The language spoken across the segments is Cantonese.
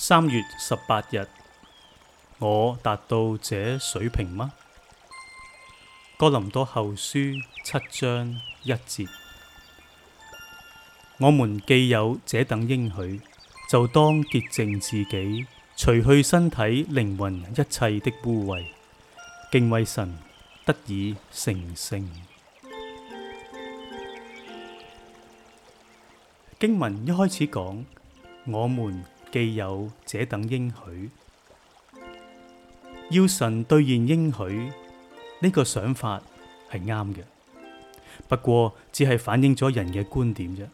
三月十八日，我達到這水平嗎？哥林多後書七章一節，我們既有這等應許，就當潔淨自己，除去身體、靈魂、一切的污穢，敬畏神，得以成聖。經文一開始講，我們。既有這等應許，要神兌現應許，呢個想法係啱嘅。不過只係反映咗人嘅觀點啫。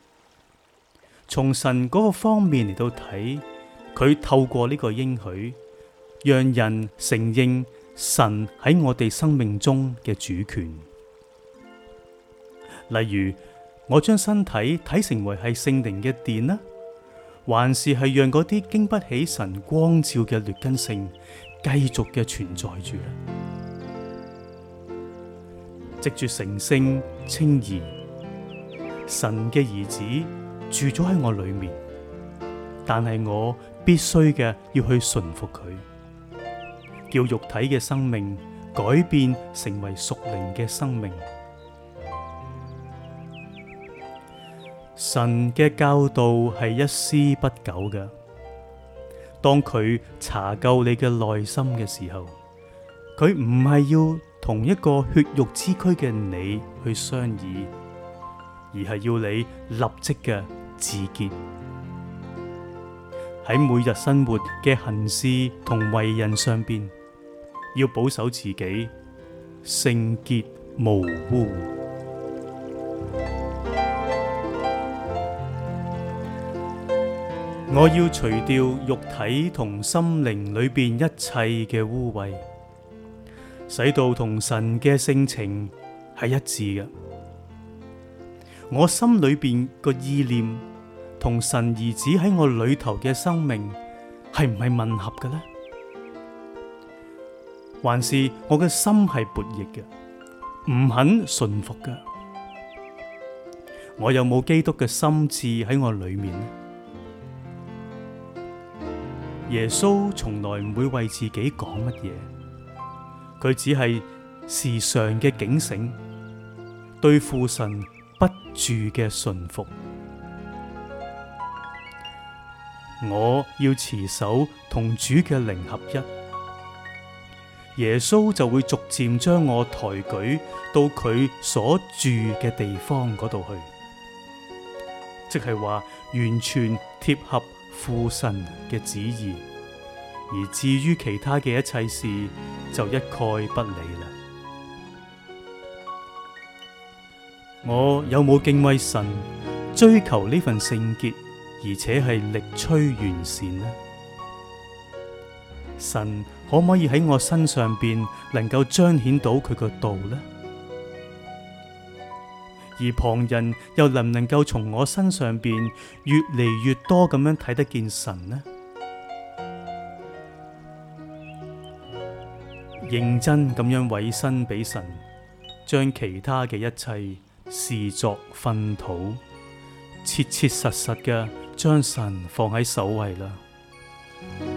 從神嗰個方面嚟到睇，佢透過呢個應許，讓人承認神喺我哋生命中嘅主權。例如，我將身體睇成為係聖靈嘅殿啦。還是係讓嗰啲經不起神光照嘅劣根性繼續嘅存在住呢？藉住成聖、清儀，神嘅兒子住咗喺我裏面，但係我必須嘅要去順服佢，叫肉體嘅生命改變成為屬靈嘅生命。神嘅教導係一絲不苟噶。當佢查究你嘅內心嘅時候，佢唔係要同一個血肉之軀嘅你去商議，而係要你立即嘅自潔，喺每日生活嘅行事同為人上邊，要保守自己，聖潔無污。我要除掉肉體同心靈裏邊一切嘅污穢，使到同神嘅性情係一致嘅。我心裏邊個意念同神兒子喺我裏頭嘅生命係唔係吻合嘅呢？還是我嘅心係悖逆嘅，唔肯順服嘅？我有冇基督嘅心智喺我裏面呢？耶穌從來唔會為自己講乜嘢，佢只係時常嘅警醒，對父神不住嘅信服。我要持守同主嘅靈合一，耶穌就會逐漸將我抬舉到佢所住嘅地方嗰度去，即係話完全貼合。父神嘅旨意，而至於其他嘅一切事，就一概不理啦。我有冇敬畏神，追求呢份聖潔，而且係力催完善呢？神可唔可以喺我身上邊能夠彰顯到佢嘅道呢？而旁人又能唔能夠從我身上邊越嚟越多咁樣睇得見神呢？認真咁樣委身俾神，將其他嘅一切視作糞土，切切實實嘅將神放喺首位啦。